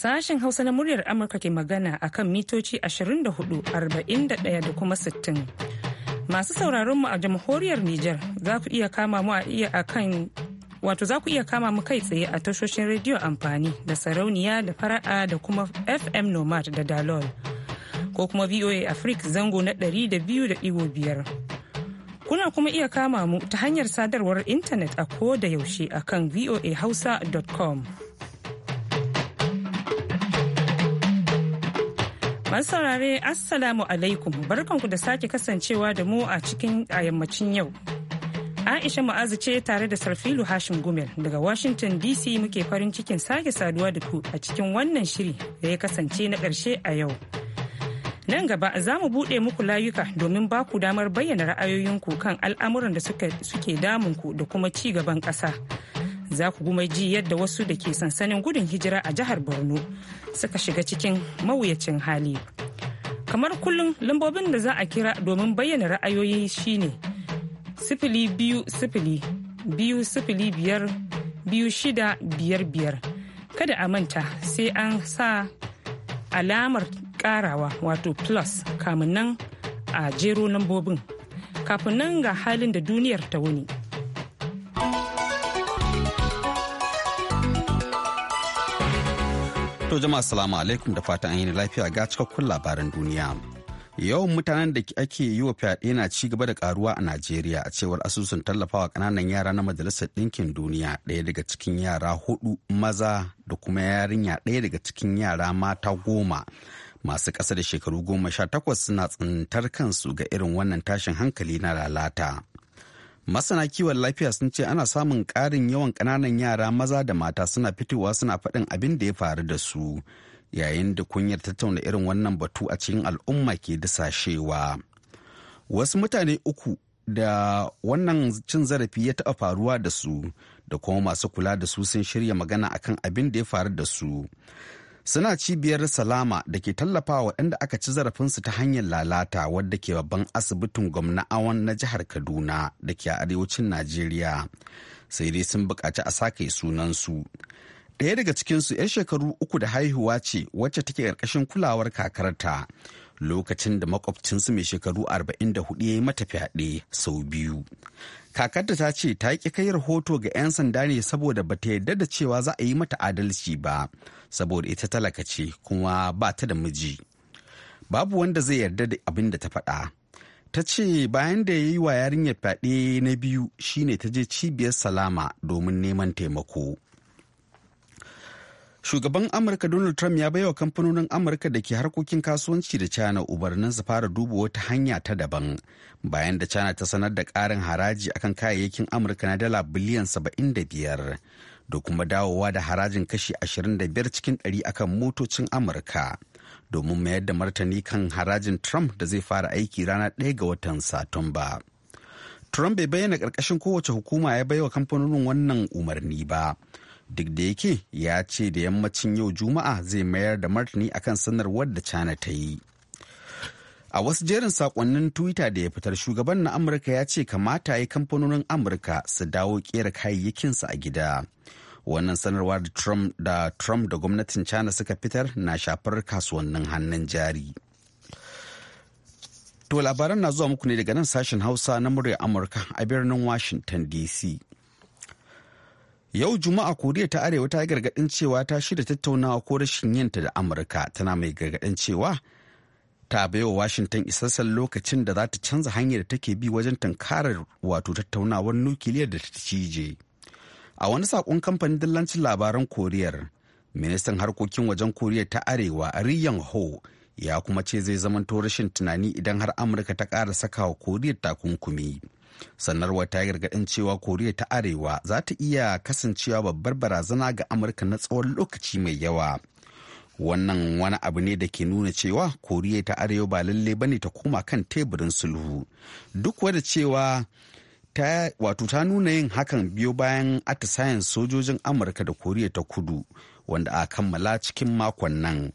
Sashen Hausa na muryar Amurka ke magana a kan mitoci 24,41 da kuma 60. Masu sauraron mu a jamhuriyar Nijar za ku iya kama mu a iya a kan wato za ku iya kama mu kai tsaye a tashoshin rediyo amfani da sarauniya da fara'a da kuma FM Nomad da Dalol. Ko kuma VOA Africa zango na 200.5. kuna kuma iya kama mu ta hanyar sadarwar intanet a ko da yaushe a kan voahausa.com. Masu saurare Assalamu alaikum barkanku da sake kasancewa da mu a cikin a yammacin yau. Aisha Mu'azu ce tare da Sarfilu Hashim Gumel daga Washington DC muke farin cikin sake saduwa da ku a cikin wannan shiri da ya kasance na ƙarshe a yau. Nan gaba za mu buɗe muku layuka domin ba ku damar bayyana ra'ayoyinku kan al'amuran da suke damunku da kuma ci gaban ƙasa. za ku kuma ji yadda wasu da ke sansanin gudun hijira a jihar borno suka shiga cikin mawuyacin hali kamar kullum lambobin da za a kira domin bayyana ra'ayoyi shine sifili biyu sifili biyu sifili biyu shida biyar biyar kada a manta sai an sa alamar karawa wato plus kamun nan a jero lambobin kafin nan ga halin da duniyar ta wuni. To jama'a salamu alaikum da fatan an yi lafiya ga cikakkun labaran duniya. Yawan mutanen da ake yi wa fyaɗe na ci gaba da karuwa a Najeriya a cewar asusun tallafawa ƙananan yara na Majalisar Ɗinkin Duniya ɗaya daga cikin yara hudu maza da kuma yarinya ɗaya daga cikin yara mata goma. Masu ƙasa da shekaru goma sha takwas suna tsintar kansu ga irin wannan tashin hankali na lalata. masana kiwon lafiya sun ce ana samun ƙarin yawan ƙananan yara maza da mata suna fitowa suna faɗin abin da ya faru da su yayin da kunyar tattauna irin wannan batu a cikin al'umma ke dasashewa wasu mutane uku da wannan cin zarafi ya taɓa faruwa da su da kuma masu kula da su sun shirya magana akan abin da ya faru da su suna cibiyar salama da ke tallafawa waɗanda aka ci zarafinsu ta hanyar lalata wadda ke babban asibitin gwamna awon na jihar kaduna da ke arewacin najeriya sai dai sun buƙaci a sake sunansu ɗaya daga cikinsu 'yan shekaru uku da haihuwa ce wacce take ƙarƙashin kulawar kakarta lokacin da makwabcinsu mai shekaru 44 ya yi mata fyaɗe sau biyu. Kakarta ta ce ta ƙi kai rahoto ga 'yan sanda ne saboda ba ta yarda da cewa za a yi mata adalci ba, saboda ita talaka ce kuma ba ta da miji. Babu wanda zai yarda da abin da ta faɗa. Ta ce bayan da ya yi wa yarinyar fyaɗe na biyu shine ta je cibiyar salama domin neman taimako. Shugaban Amurka Donald Trump ya baiwa kamfanonin Amurka da ke harkokin kasuwanci da China ubarnin su fara duba wata hanya ta daban bayan da China ta sanar da ƙarin haraji akan kayayyakin Amurka na dala biliyan 75 da kuma dawowa da harajin kashi 25 cikin 100 akan motocin Amurka domin mayar da martani kan harajin Trump da zai fara aiki ranar ɗaya ga watan Satumba. Trump bai bayyana ƙarƙashin kowace hukuma ya baiwa kamfanonin wannan umarni ba, duk da yake ya ce da yammacin yau juma'a zai mayar da martani akan sanarwar da china ta yi a wasu jerin sakonnin twitter da ya fitar shugaban na amurka ya ce kamata ya kamfanonin amurka su dawo kera kayayyakinsa a gida wannan sanarwa da trump da trump da gwamnatin china suka fitar na shafar kasuwannin hannun jari to labaran na zuwa muku ne daga nan sashen hausa na murya amurka a birnin washington dc Yau Juma'a Koriya ta Arewa ta yi gargaɗin cewa ta shirya tattaunawa ko rashin yinta da Amurka tana mai gargaɗin cewa ta baiwa Washington isassan lokacin da za ta canza hanyar da take bi wajen tankarar wato tattaunawar nukiliyar da ta cije. A wani saƙon kamfanin dillancin labaran Koriyar, ministan harkokin wajen Koriya ta Arewa Ri Yong Ho ya kuma ce zai zamanto rashin tunani idan har Amurka ta ƙara sakawa koriyar Koriya takunkumi. sanarwar ta yi gargaɗin cewa koriya ta arewa za ta iya kasancewa babbar barazana ga amurka na tsawon lokaci mai yawa wannan wani abu ne da ke nuna cewa koriya ta arewa ba lalle bane ta koma kan teburin sulhu duk wada cewa wato ta nuna yin hakan biyo bayan atisayen sojojin amurka da koriya ta kudu wanda a kammala cikin makon nan.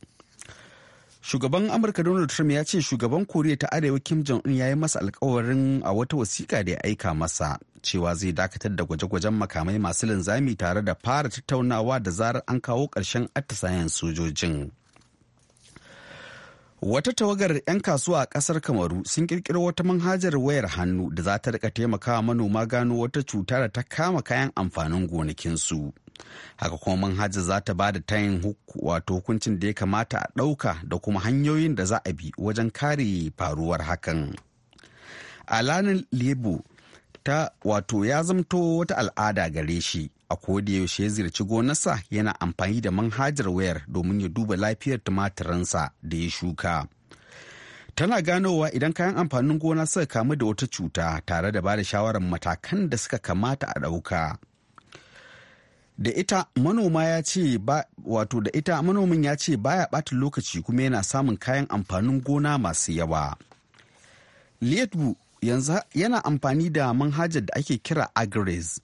shugaban amurka donald trump ya ce shugaban koriya ta arewa kim jong-un ya yi masa alkawarin a wata wasiƙa da ya aika masa cewa zai dakatar da gwaje-gwajen makamai masu linzami tare da fara tattaunawa da zarar an kawo ƙarshen atisayen sojojin wata tawagar 'yan kasuwa a ƙasar kamaru sun ƙirƙiro wata manhajar wayar hannu da za ta rika taimakawa manoma gano wata cuta da ta kama kayan amfanin gonakinsu haka kuma manhaja za ta ba da tayin wato hukuncin da ya kamata a ɗauka da kuma hanyoyin da za a bi wajen kare faruwar hakan alanin lebu ta wato ya zamto wata al'ada gare shi a yaushe ya ziyarci gonarsa yana amfani da manhajar wayar domin ya duba lafiyar tumatirinsa da ya shuka tana ganowa idan kayan amfanin gona suka kamu da wata cuta tare da ba da shawarar matakan da suka kamata a ɗauka. da ita manoma ya ce ba wato da ita manomin ya ce baya ɓata lokaci kuma yana samun kayan amfanin gona masu yawa Lietu yanzu yana amfani da manhajar da ake kira agres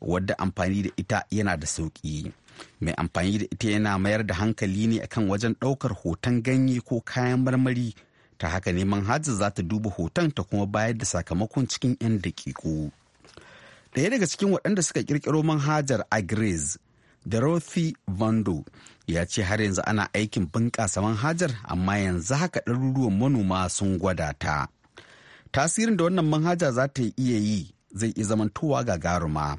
wadda amfani da ita yana da sauƙi mai amfani da ita yana mayar da hankali ne akan wajen ɗaukar hoton ganye ko kayan marmari ta haka ne manhajar za ta duba hoton ta kuma bayar da sakamakon cikin 'yan daƙiƙu. Ɗaya daga cikin waɗanda suka ƙirƙiro manhajar Agriz, Dorothy Vando, ya ce har yanzu ana aikin bunƙasa manhajar amma yanzu haka ɗaruruwan manoma sun gwada ta. Tasirin da wannan manhaja za ta iya yi zai iya zamantowa gagaruma.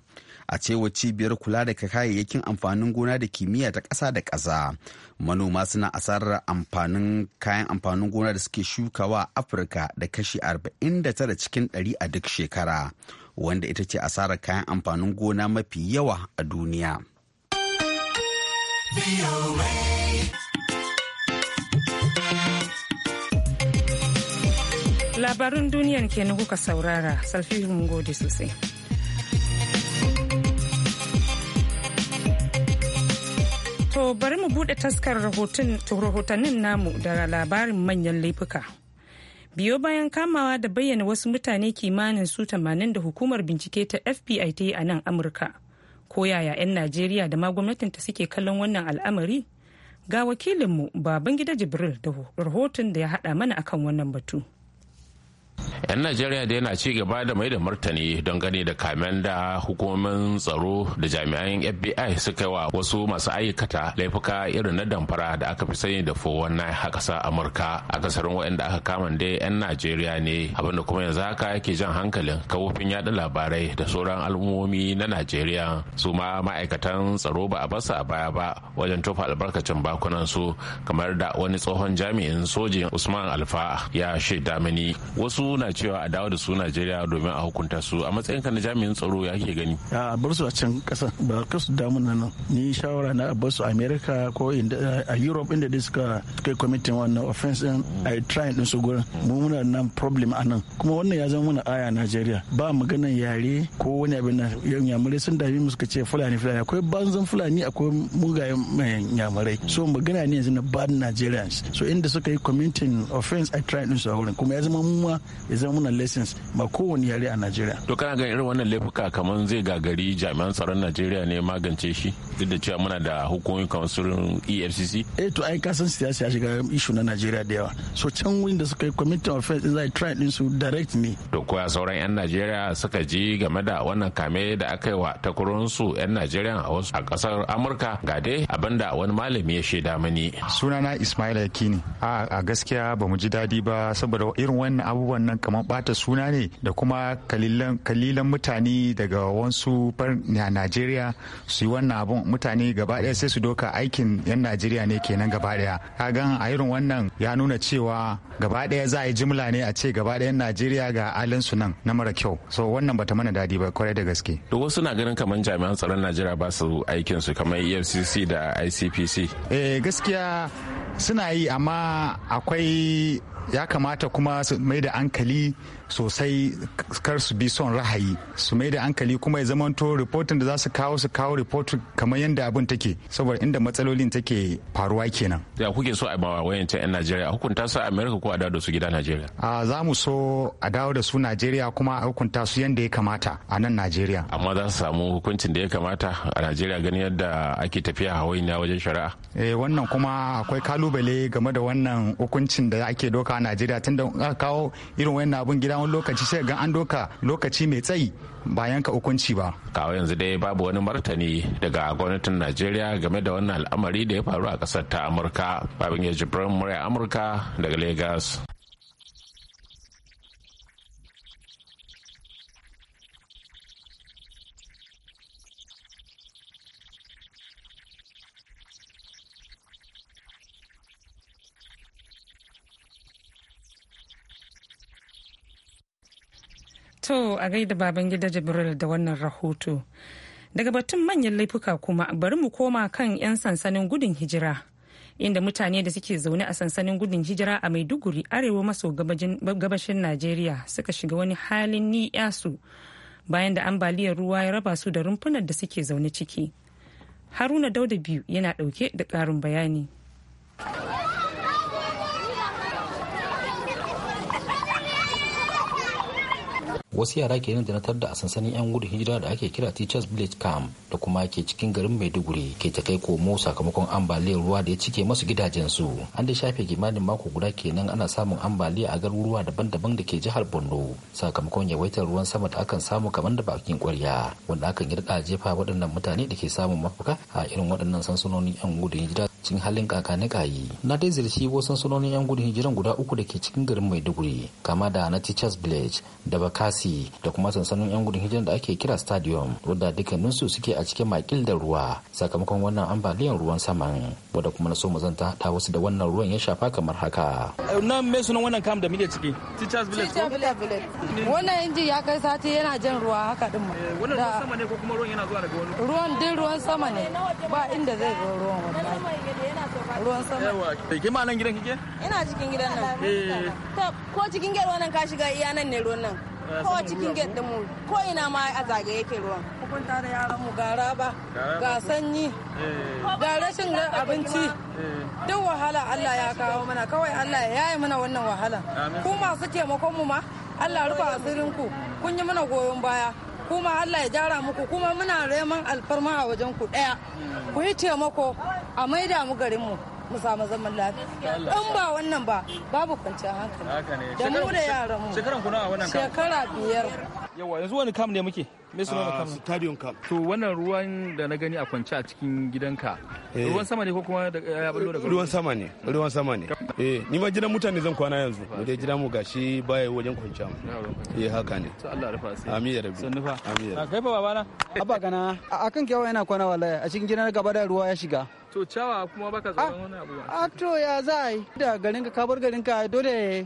a cewa cibiyar kula da kayayyakin amfanin gona da kimiyya ta ƙasa da ƙasa manoma suna asarar amfanin kayan amfanin gona da suke shukawa a afirka da kashi arba'in da 49 cikin ɗari a duk shekara wanda ita ce asarar kayan amfanin gona mafi yawa a duniya. Labarin duniyan kenan kuka saurara, salfi mun gode sosai. To bari mu buɗe taskar rahotannin namu daga labarin manyan laifuka. biyo bayan kamawa da bayyana wasu mutane kimanin su 80 da hukumar bincike ta fbi ta yi a nan amurka ko yaya 'yan najeriya da ma gwamnatinta suke kallon wannan al'amari ga wakilinmu baban gida jibril da rahoton da ya haɗa mana akan wannan batu 'yan najeriya da yana ci gaba da mai da martani don gani da kamen da hukumomin tsaro da jami'an fbi suka wa wasu masu ayyukata laifuka irin na damfara da aka fi sani da na a ƙasar amurka a akasarin waɗanda aka kama da 'yan najeriya ne abinda kuma yanzu haka yake jan hankalin kawofin yada labarai da sauran al'ummomi na najeriya su ma ma'aikatan tsaro ba a basa a baya ba wajen tofa albarkacin bakunan su kamar da wani tsohon jami'in sojin usman alfa ya shaida mini wasu wasu na cewa a dawo da su najeriya domin a hukunta su a matsayin ka na jami'in tsaro ya ke gani a bar su a can kasa ba ka su damu nan ni shawara na a bar su america ko a europe inda dai suka kai kwamitin wannan offense din a try din su gurin mu muna nan problem a nan kuma wannan ya zama mana aya najeriya ba gani yare ko wani abin na yamurai sun dami mu suka ce fulani fulani akwai banzan fulani akwai mugayen eh, yamurai so magana ne yanzu na bad nigerians so inda suka yi committing offense a try din su a wurin kuma ya zama mu ma ya zama muna lessons ma kowane yare a najeriya to kana ganin irin wannan laifuka kamar zai gagari jami'an tsaron najeriya ne magance shi duk da cewa muna da hukumomi kamar surin efcc eh to ai kasan siyasa ya shiga ishu na najeriya da yawa so can wurin da suka yi committee committing in zai try din su direct me to koya sauran yan najeriya suka ji game da wannan kame da aka yi wa su yan najeriya a wasu a kasar amurka ga dai abinda wani malami ya shaida mani sunana ismail yakini a gaskiya ba mu ji daɗi ba saboda irin wannan abubuwan wannan kamar bata suna ne da kuma kalilan mutane daga wasu najeriya su yi wannan abun mutane gaba daya sai su doka aikin yan najeriya ne kenan gaba daya kagan a irin wannan ya nuna cewa gaba daya za a yi jimla ne a ce gaba daya najeriya ga alinsu nan na mara kyau so wannan bata mana dadi ba kwarai da gaske to wasu na ganin kamar jami'an tsaron najeriya ba su aikin su kamar efcc da icpc eh gaskiya suna yi amma akwai ya kamata kuma su mai da hankali sosai kar su bi son ra'ayi su mai da hankali kuma ya zamanto reportin da za su kawo su kawo report kamar yadda abin take saboda inda matsalolin take faruwa kenan ya kuke so a bawa wayancin yan najeriya hukunta su a america ko a dawo da su gida najeriya a za mu so a dawo da su najeriya kuma a hukunta su yadda ya kamata a nan najeriya amma za su samu hukuncin da ya kamata a najeriya ganin yadda ake tafiya na wajen shari'a eh wannan kuma akwai kalubale game da wannan hukuncin da ake doka a najeriya tunda aka kawo irin wannan abun gida tsawon lokaci sai ga an doka lokaci mai tsayi ba yanka hukunci ba. Kawo yanzu dai babu wani martani daga gwamnatin Najeriya game da wannan al'amari da ya faru a ƙasar ta Amurka. Babin ya jibrin murya Amurka daga Lagos. To a gaida baban gida Jibril da wannan rahoto. Daga batun manyan laifuka kuma bari mu koma kan 'yan sansanin gudun hijira. Inda mutane da suke zaune a sansanin gudun hijira a Maiduguri arewa maso gabashin Najeriya suka shiga wani halin ni'yasu bayan da ambaliyar ruwa ya raba su da rumfunan da suke zaune ciki. Haruna Dauda biyu yana dauke da karin bayani. wasu yara ke da na tarda a sansanin yan gudun hijira da ake kira teachers village camp da kuma ke cikin garin maiduguri ke ta kai komo sakamakon ambaliyar ruwa da ya cike masu gidajensu an da shafe kimanin mako guda kenan ana samun ambaliya a garuruwa daban-daban da ke jihar borno sakamakon yawaitar ruwan sama da akan samu kaman da bakin kwarya wanda akan yi jefa waɗannan mutane da ke samun mafaka a irin waɗannan sansanonin yan gudun hijira cikin halin yi na dai zirci wasu sanonin yan gudun hijiran guda uku da ke cikin garin maiduguri kama da na teachers village da bakasi da kuma sansanin yan gudun hijiran da ake kira stadium wadda su suke a cikin makil da ruwa sakamakon wannan ambaliyar ruwan saman wadda kuma na so zanta ta wasu da wannan ruwan ya shafa kamar haka. nan me sunan wannan kam da muke ciki teachers village wannan inji ya kai sati yana jan ruwa haka din ma eh, wannan ruwan sama ne ko kuma ruwan yana zuwa daga wani ruwan din ruwan sama ne ba inda zai zo ruwan wannan ruwan sama yawa ke ma nan gidan kike ina cikin gidan nan eh. to ko cikin gate wannan ka shiga iya nan ne ruwan nan ah, ko cikin gate mu ko ina ma a zage yake ruwan hukunta da yaran mu ga raba ga sanyi eh. ga rashin abinci eh. duk wahala Allah ya kawo mana kawai Allah ya yaye mana wannan wahala ku masu taimakon mu ma Allah rufa asirin ku kun yi mana goyon baya kuma Allah ya jara muku kuma muna reman alfarma a wajen ku daya ku yi taimako a maida mu garinmu mu samu zaman lafiya in ba wannan ba babu kwanciyar hankali da mu da yaranmu shekara biyar yawa yanzu wani kam ne muke me suna ah, stadium camp to wannan ruwan da na gani a kwance a cikin gidanka eh. ruwan sama ne ko kuma da ya bullo daga ruwan sama ne ruwan sama ne eh ni ma gidan mutane zan kwana yanzu mu dai gidan mu gashi baya wajen kwanciya mu eh haka ne to Allah ya rufa sai amin ya rabbi sun nufa amin ya ah, kai fa baba na abba kana akan kyawa yana kwana wallahi a cikin gidan gaba da ruwa ya shiga To cawa kuma baka tsoron ah, wani abu ba. A to ya zai da garin ka kabar garin ka dole. eh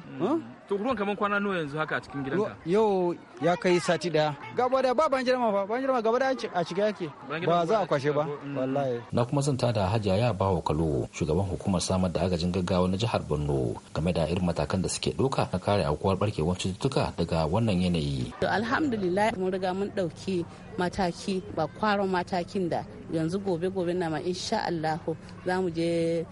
to ruwan kaman kwana nawa yanzu haka a cikin gidanka yau ya kai sati daya gaba da ba ban jirma fa ban jirma gaba da a cike yake ba za a kwashe ba mm. wallahi na kuma zan tada hajiya ya wa kalo shugaban hukumar samar da agajin gaggawa na jihar Borno game da irin matakan da suke doka na kare aukuwar barkewar cututtuka daga wannan yanayi alhamdulillah mun riga mun dauki mataki ba kwaron matakin da yanzu gobe gobe na ma insha Allahu za mu je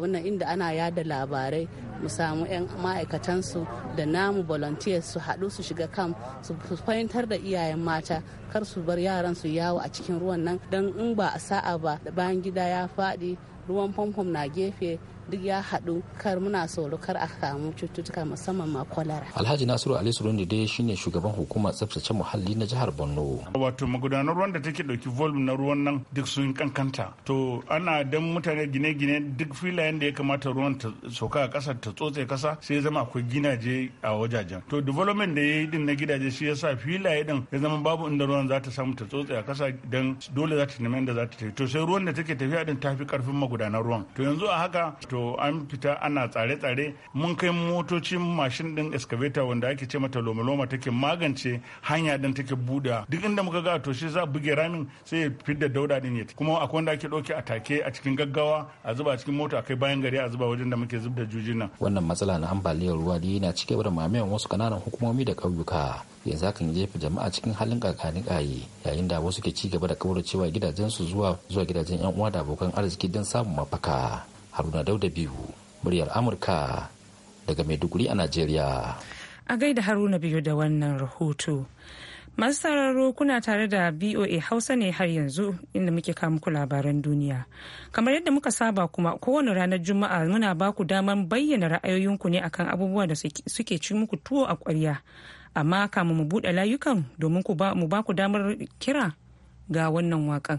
wannan inda ana yada labarai mu samu 'yan ma'aikatansu da namu volunteers su haɗu su shiga kam su fahimtar da iyayen mata kar su bar yaran su yawo a cikin ruwan nan don in ba a sa'a ba bayan gida ya faɗi ruwan famfom na gefe duk ya haɗu kar muna tsoro kar a kamu cututtuka musamman ma kwalara. Alhaji Nasiru Ali Surundi dai shine shugaban hukumar tsaftace muhalli na jihar Borno. Wato magudanar ruwan da take ɗauki volume na ruwan nan duk sun kankanta. To ana dan mutane gine-gine duk filayen da ya kamata ruwan ta sauka a ƙasa ta tsotse ƙasa sai ya zama akwai ginaje a wajajen. To development da ya yi din na gidaje shi ya sa filaye din ya zama babu inda ruwan za ta samu ta tsotse a ƙasa dan dole za ta nemi inda za ta tafi. To sai ruwan da take tafiya din ta fi ƙarfin magudanar ruwan. To yanzu a haka to an fita ana tsare-tsare mun kai motocin mashin din excavator wanda ake ce mata loma take magance hanya din take buda duk inda muka ga to shi za buge ramin sai ya fidda dauda din ya kuma akwai wanda ake dauke a take a cikin gaggawa a zuba cikin mota kai bayan gari a zuba wajen da muke zubda jujin nan wannan matsala na ambaliyar ruwa da yana cike da mamayan wasu kananan hukumomi da ƙauyuka yanzu hakan jefa jama'a cikin halin kakani kaye yayin da wasu ke ci gaba da kauracewa gidajensu zuwa zuwa gidajen yan uwa da abokan arziki don samun mafaka haruna dauda biyu muryar amurka daga maiduguri a najeriya a gaida haruna biyu da wannan rahoto masu sauraro kuna tare da boa hausa ne har yanzu inda muke muku labaran duniya kamar yadda muka saba kuma kowane ranar juma'a muna ba ku damar bayyana ra'ayoyinku ne akan abubuwa da suke ci muku tuwo a kwarya amma kama mu buɗe layukan domin mu ba ku damar kira ga wannan waƙan.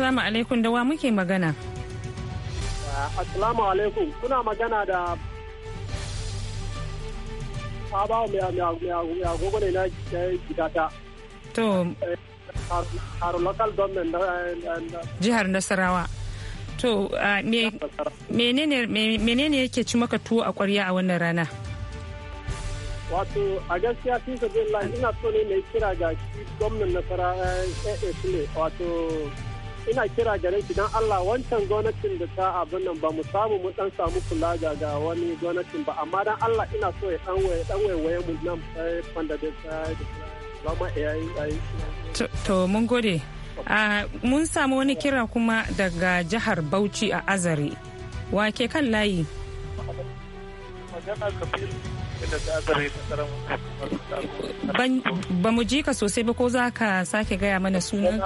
Assalamu alaikum da wa muke magana. Assalamu alaikum kuna magana da Sabawa mai agogo ne na gidata. To. Haru local government eh, eh, Jihar Nasarawa. To menene yake ci maka tuwo a kwarya a wannan rana? Wato a gaskiya fi sabi ina so ne mai kira ga gwamnan nasara AA eh, wato ina kira gare ki don Allah wancan gwamnatin da ta abin nan ba mu samu mu dan samu kula ga ga wani gwamnatin ba amma dan Allah ina so ya dan waye dan waye mu nan fanda eh, da eh, ba ma ai eh, to mun gode ah, mun samu wani kira kuma daga jihar Bauchi a Azare wake kan layi ba mu ji ka sosai ba ko za ka sake gaya mana sunan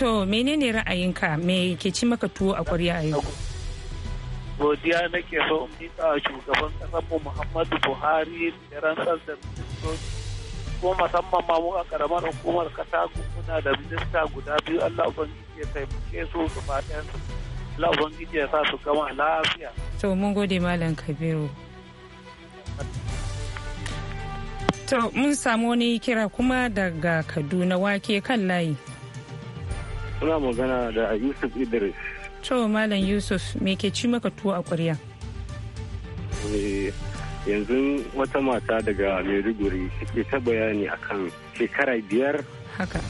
to menene ra'ayinka me ke ci maka tuwo a kwarya a yau godiya nake so in miƙa shugaban kasar mu Muhammadu Buhari da rantsar da ko musamman ma mu a karamar hukumar Katako muna da minista guda biyu Allah ubangiji ya taimake su gaba ɗayan su Allah ubangiji ya sa su gama lafiya to mun gode malam kabiru to mun samu wani kira kuma daga kaduna wake kan layi suna magana da Yusuf Idris. To Malam Yusuf me ke ci maka tuwo a ƙwarya? Eh, yanzu wata mata daga Maiduguri suke ta bayani akan shekara biyar. Haka.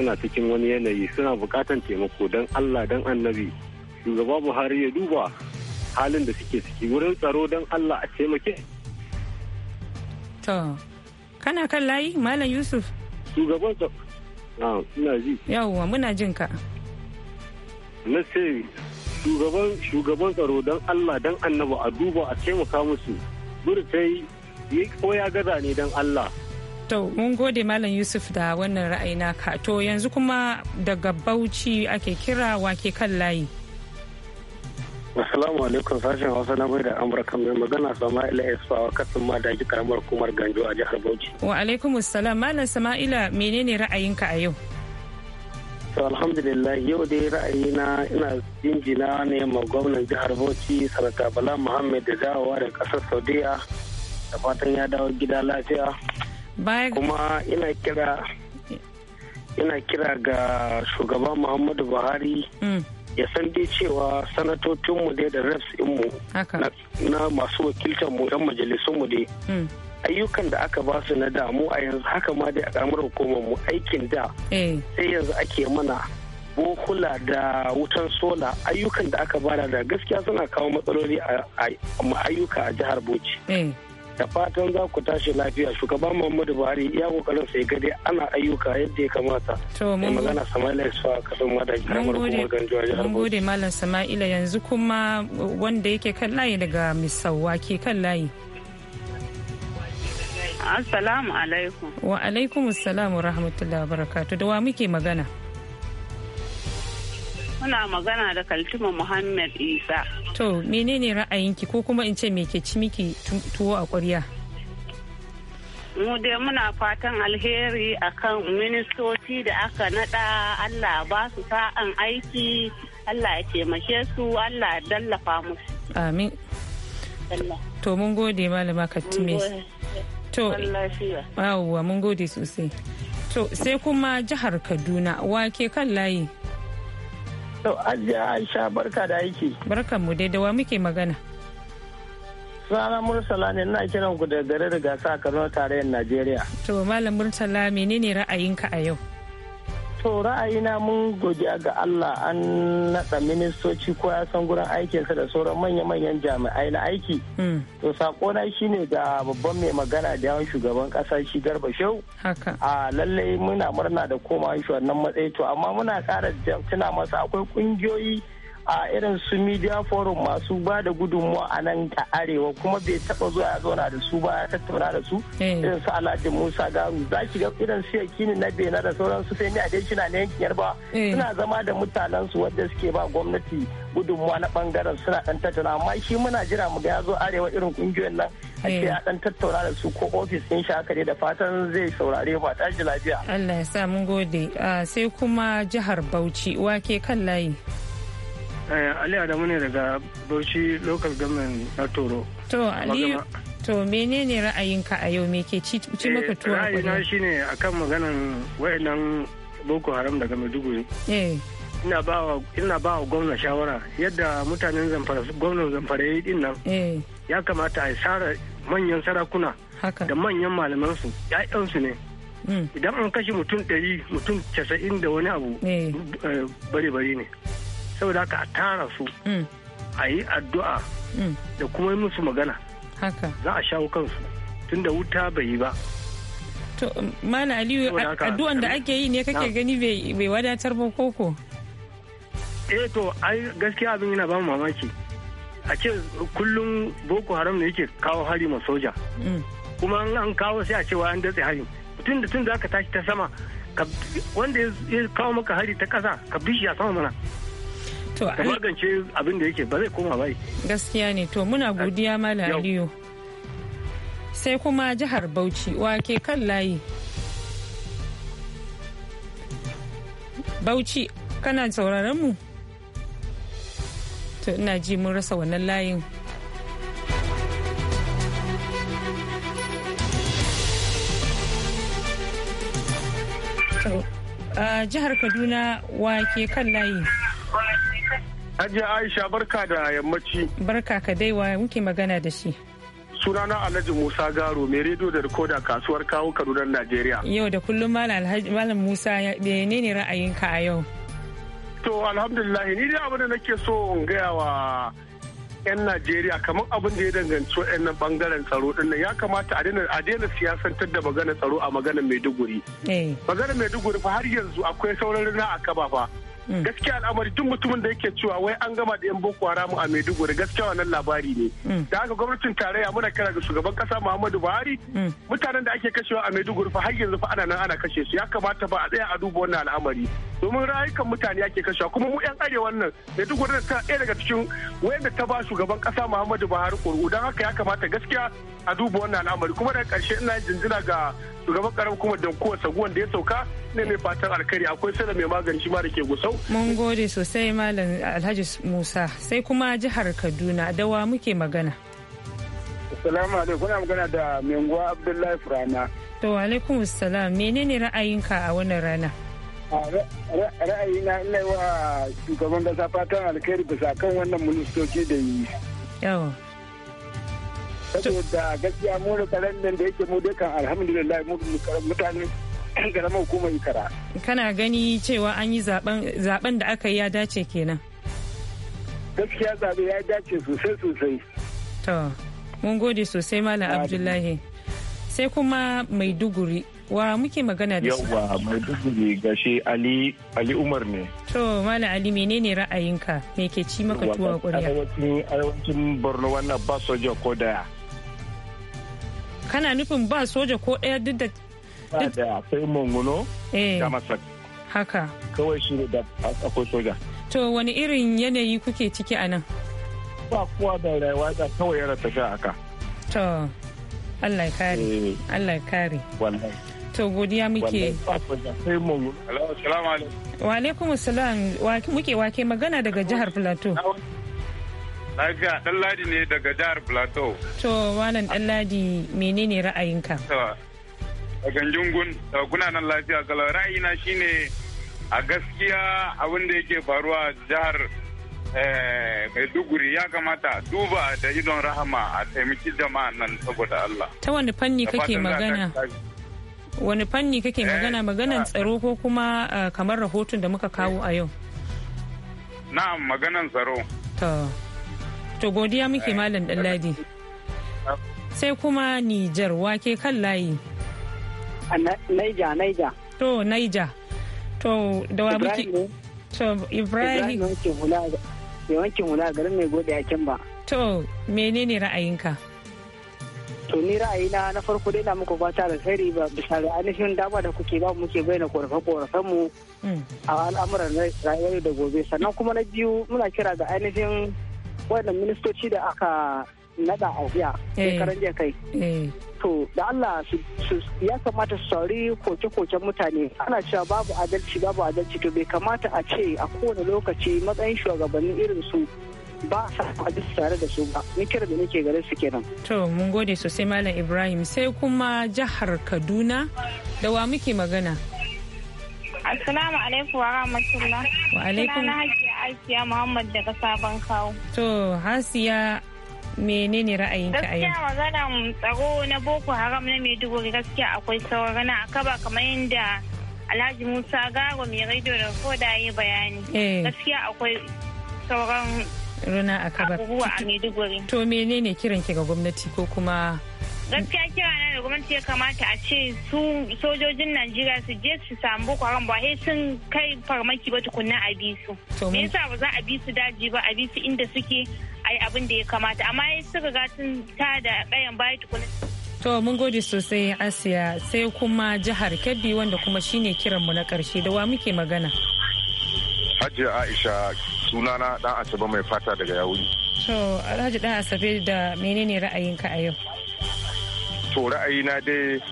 Suna cikin wani yanayi suna bukatan taimako don Allah don annabi shugaba buhari ya duba halin da suke ciki wurin tsaro don allah a taimake to kana kan layi malam yusuf shugaban ina ji yawwa muna jin ka na shugaban shugaban tsaro don allah don annaba a duba a taimaka musu yi ko ya gaza ne don allah To, mun gode Malam Yusuf da wannan ra'ayi na To, yanzu kuma daga Bauchi ake kira wake kan layi. Assalamu alaikum sashen Hausa na mai da Amurka mai magana Sama'ila Isfawa kasan madaji karamar hukumar Ganjo a jihar Bauchi. Wa alaikum assalam Malam Sama'ila menene ra'ayinka a yau? To alhamdulillah yau dai ra'ayina ina jinjina ne ma gwamnan jihar Bauchi Sanata Bala Muhammad da dawowa da kasar Saudiya da fatan ya dawo gida lafiya. Kuma ina kira ina kira ga shugaban Muhammadu Buhari. Mm. ya san dai cewa sanatocinmu dai da reps mu na masu wakiltarmu 'yan majalisunmu dai hmm. ayyukan da aka ba su na damu a yanzu haka ma dai a ƙaramar hukumar mu aikin da eh. sai yanzu ake mana bohula da wutan sola ayyukan da aka bada da gaskiya suna kawo matsaloli a ayyuka a jihar bauchi eh. da fatan za ku tashi lafiya shugaban muhammadu buhari ya kokarin sai gade ana ayyuka yadda ya kamata to mun magana sama'ila ya sa kasan madan mun gode malam sama'ila yanzu kuma wanda yake kan layi daga misawa ke kan layi assalamu alaikum wa alaikum assalam rahmatullahi wa barakatuh da wa muke magana Muna magana da Kaltuma Muhammad Isa. To, menene ra'ayinki ko kuma in ce me ke ci miki tuwo a ƙwarya? Mu dai muna fatan alheri a kan ministoci da aka naɗa Allah ba su sa'an aiki, Allah ya taimake su, Allah ya dallafa musu. Amin. To, mun gode malama Kattime. To, yawwa mun gode sosai. To, sai kuma jihar Kaduna, wake kan layi. To Hajiya Aisha barka da aiki. Barkan mu dai dawa muke magana. Sana Murtala ne na kiran ku da garin Rigasa a Kano tarayyar Najeriya. To Malam Murtala menene ra'ayinka a yau? to ra'ayina mun godiya ga Allah an naɗa ministoci ko ya san gurin aikinsa da sauran manya-manyan jami'ai na aiki. Hmm. To sakona shi ne ga babban mai magana da yawan shugaban ƙasa shi Garba Shehu. A lallai muna murna da komawa shi wannan matsayi to amma muna kara tuna masa akwai ƙungiyoyi. a irin su media forum masu ba da gudunmuwa a nan ta arewa kuma bai taba zuwa ya zauna da su ba ya tattauna da su eh. irin su alhaji musa garu za ki ga irin su yakini na bena da sauran su sai ni a dai na yankin yarba eh. suna zama da mutanen su wanda suke ba gwamnati gudunmuwa na bangaren suna dan tattauna amma shi muna jira mu ga ya zo arewa irin kungiyoyin nan a ce eh. a dan tattauna da su ko ofis din shi haka da fatan zai saurare ba tashi lafiya Allah ya sa mun gode ah, sai kuma jihar Bauchi wake kan layi. Eh, Ali Adamu ne daga Bauchi Local Government na Toro. To Ali, to menene ra'ayinka a yau me ke ci eh, maka tuwa shi ne a kan maganan wayannan Boko Haram daga Maiduguri. Eh. Ina ba wa gwamna shawara yadda mutanen Zamfara gwamnan Zamfara ya yi nan. Ya kamata a sara manyan sarakuna da manyan malaman su ne. Mm. Idan an kashe mutum ɗari mutum casa'in da wani abu bare-bare ne. saboda haka a tara su mm. a yi addu'a mm. da kuma yi musu magana za a shawo kansu tun da wuta bai yi ba to mana aliyu addu'an da ake yi ne kake gani bai wadatar ba koko eh to ai gaskiya abin yana ba mu mamaki a ce kullum boko haram ne yake kawo hari ma soja mm. kuma an kawo sai a cewa an datse hari tun da tun da aka tashi ta sama wanda ya kawo maka hari ta kasa ka bishi a sama mana ka magance abin da yake ba zai koma bai gaskiya ne to muna godiya ma aliyu sai kuma jihar bauchi wake kan layi bauchi kana sauraron mu to ina ji mun rasa wannan layin jihar kaduna wake kan layi Hajiya Aisha barka da yammaci. Barka ka dai wa muke magana da shi. Sunana Alhaji Musa Garo mai rediyo da rikoda kasuwar kawo Kaduna Najeriya. Yau da kullum Malam Musa menene ra'ayinka a yau? To alhamdulillah ni dai abin da nake so in gaya wa 'yan Najeriya kamar abin da ya danganci nan bangaren tsaro din ya kamata a daina siyasantar da magana tsaro a maganar Maiduguri. Eh. Maganar Maiduguri fa har yanzu akwai sauran na a kaba fa. gaskiya al'amari duk mutumin da yake cewa wai an gama da yan boko haram a maiduguri gaskiya wannan labari ne mm. da haka gwamnatin tarayya muna kira ga shugaban kasa muhammadu buhari mm. mutanen da ake kashewa a maiduguri fa har yanzu fa ana nan ana kashe su ya kamata ba a tsaya a duba wannan al'amari domin rayukan mutane ake kashewa kuma mu yan arewa nan maiduguri ta ɗaya daga cikin wayanda ta ba shugaban kasa muhammadu buhari kuru don haka ya kamata gaskiya a duba wannan al'amari kuma daga karshe ina jinjina ga shugaban karam kuma da kowa saguwan da ya sauka ne mai fatan alkari akwai sai mai magani shi ma da ke gusau. mun gode sosai malam alhaji musa sai kuma jihar kaduna dawa muke magana. assalamu alaikum kuna magana da menguwa abdullahi furana. to alaikum assalam menene ra'ayinka a wannan rana. ra'ayina ina wa shugaban kasa fatan alkhairi bisa kan wannan ministoci da yi. yawa. saboda gaskiya mu da karen nan da yake mu kan alhamdulillah mu mutane karamar hukumar ikara kana gani cewa an yi zaben da aka yi ya dace kenan gaskiya zabe ya dace sosai sosai to mun gode sosai malam abdullahi sai kuma maiduguri wa muke magana da su yawa maiduguri gashi ali ali umar ne to malam ali menene ra'ayinka me ke ci maka tuwa a arewacin borno wannan ba soja ko daya kana nufin ba soja ko ɗaya duk da da sai munguno da eh. masak haka kawai shi da akwai soja to wani irin yanayi kuke ciki a nan ba kuwa da rayuwa da kawai yana tafiya haka to Allah ya kare eh. Allah ya kare to godiya muke wa alaikum salam muke wake magana daga jihar plateau Lafiya Ɗanladi ne daga jihar Plateau. To, Malam Ɗanladi menene ra'ayinka? A ganjungun, kuna nan lafiya kalau ra'ayina shine a gaskiya abin da yake faruwa jihar eh, Maiduguri ya kamata duba da idon rahama a taimaki jama'a nan saboda Allah. Ta wani fanni kake magana? Wani fanni kake eh, magana maganan tsaro ko kuma eh, kamar rahoton da muka kawo a yau? Na'am maganan tsaro. To godiya muke Malam ladi Sai kuma Nijar wake kan layi. Naija, Naija. To, Naija. To, da wa muke. To, Ibrahim. wanke hula garin mai gode a ba. To, menene ra'ayinka? To, ni ra'ayina na farko dai na muku fata da sari ba bisa ga ainihin dama da kuke ba muke bayyana korafe mu mm. a al'amuran rayuwar da gobe. Sannan kuma na biyu muna kira ga ainihin waɗannan ministoci da aka naɗa a jiya eh. shekaran jiya kai eh. to da Allah ya kamata su sauri koke-koken mutane ana cewa babu adalci babu adalci to bai kamata a ce a kowane lokaci matsayin shugabannin irin su ba sa tare da su ba ni kira da nake gare su kenan to mun gode sosai malam Ibrahim sai kuma jihar Kaduna da wa muke magana Assalamu alaikum wa rahmatullah. Wa alaikum. Sunana Hasiya Asiya Muhammad daga Sabon Kawo. To Hasiya menene ra'ayinka a yau? Gaskiya magana tsaro na Boko Haram na Maiduguri gaskiya akwai saurana a kaba kamar yadda Alhaji Musa Garo mai radio da koda yi bayani. Eh. Gaskiya akwai sauran runa a kaba. Abubuwa a Maiduguri. To menene kiranki ga gwamnati ko kuma gaskiya kira na da gwamnati ya kamata a ce su sojojin najeriya su je su samu boko haram ba sai sun kai farmaki ba tukunna a bi su me yasa ba za a bi su daji ba a bi inda suke a yi abin da ya kamata amma sai suka ga sun ta da kayan baya tukunna To mun gode sosai Asiya sai kuma jihar Kebbi wanda kuma shine kiran mu na karshe da wa muke magana. Hajji Aisha sunana dan Asabe mai fata daga yawuni. To Alhaji dan Asabe da menene ra'ayinka a yau? so ra'ayina dai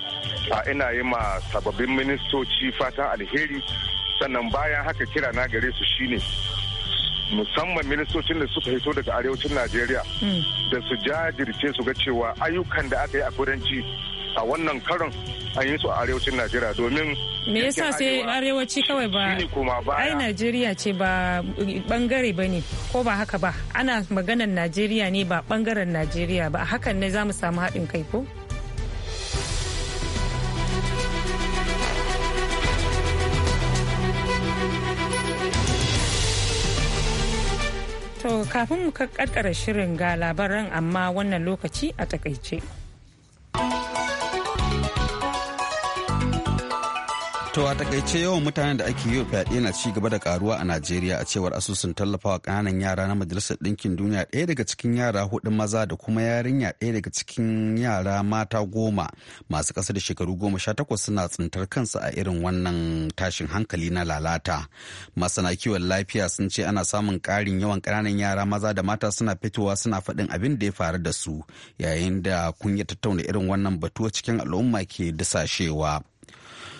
a ina yi ma sababbin ministoci fata alheri sannan bayan haka kira na gare su shine musamman ministocin da suka hito daga arewacin najeriya mm. da su jajirce su ga cewa ayyukan da aka yi a kudanci a wannan karon an yi su a arewacin najeriya domin me yasa sai arewaci kawai ba ai najeriya ce ba bangare ba ne ko ba haka ba ana maganar najeriya ne ba bangaren najeriya ba hakan ne za mu samu haɗin kai ko To kafin mu kakkara shirin ga labaran amma wannan lokaci a takaice. To a takaice yawan mutanen da ake yi fyaɗe na ci gaba da karuwa a Najeriya a cewar asusun tallafawa kananan yara na Majalisar Ɗinkin Duniya ɗaya daga cikin yara hudu maza da kuma yarinya ɗaya daga cikin yara mata goma masu ƙasa da shekaru goma sha takwas suna tsintar kansu a irin wannan tashin hankali na lalata. Masana kiwon lafiya sun ce ana samun ƙarin yawan ƙananan yara maza da mata suna fitowa suna faɗin abin da ya faru da su yayin da kun ya tattauna irin wannan batuwa cikin al'umma ke dasashewa.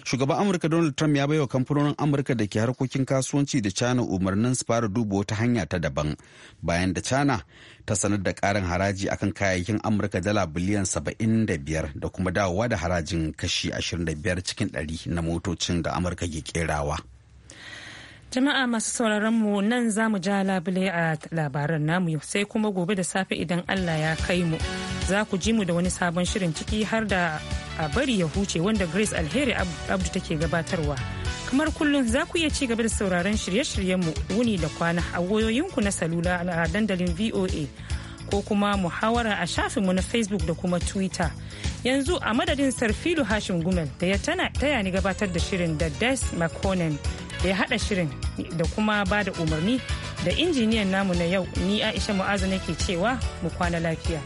shugaban amurka donald trump ya baiwa kamfanonin amurka da ke harkokin kasuwanci da china umarnin su fara duba wata hanya ta daban bayan da china ta sanar da karin haraji akan kayayyakin amurka dala biliyan 75 da kuma dawowa da harajin kashi 25 cikin 100 na motocin da amurka ke kerawa. Jama'a masu sauraron mu nan za mu ja labule a labaran namu sai kuma gobe da safe idan Allah ya kai mu. Za ku ji mu da wani sabon shirin ciki har da a bari ya huce wanda Grace Alheri Abdu take gabatarwa. Kamar kullum za ku iya ci gaba da sauraron shirye-shiryenmu wuni da kwana a wayoyinku na salula a dandalin VOA ko kuma muhawara a shafinmu na Facebook da kuma Twitter. Yanzu a madadin Sarfilu Hashim Gumel da ya taya ni gabatar da shirin da Des McConnell da ya hada shirin da kuma ba da umarni da injiniyan namu na yau ni aisha mu'azu nake cewa mu kwana lafiya.